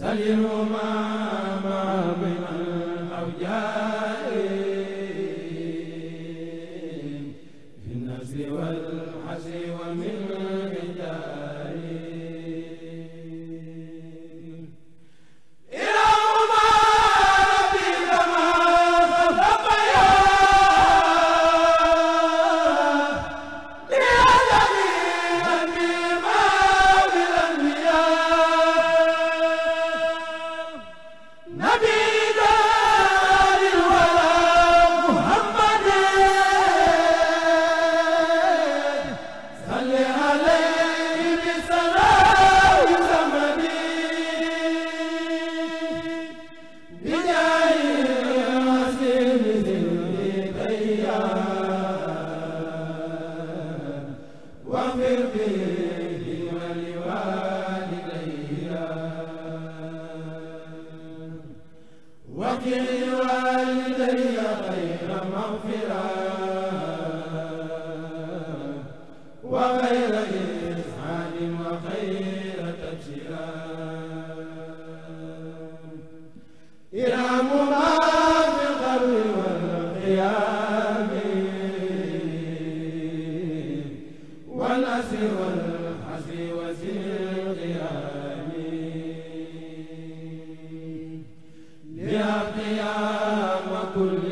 Saliruma ma min al awjaa فاغفر به كل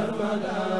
Ahmada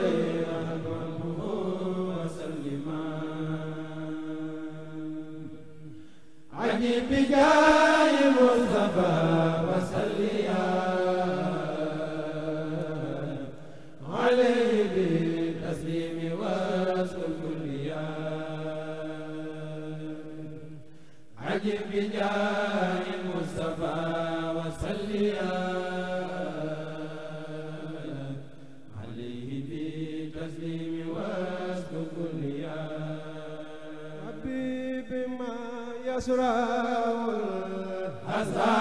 سراول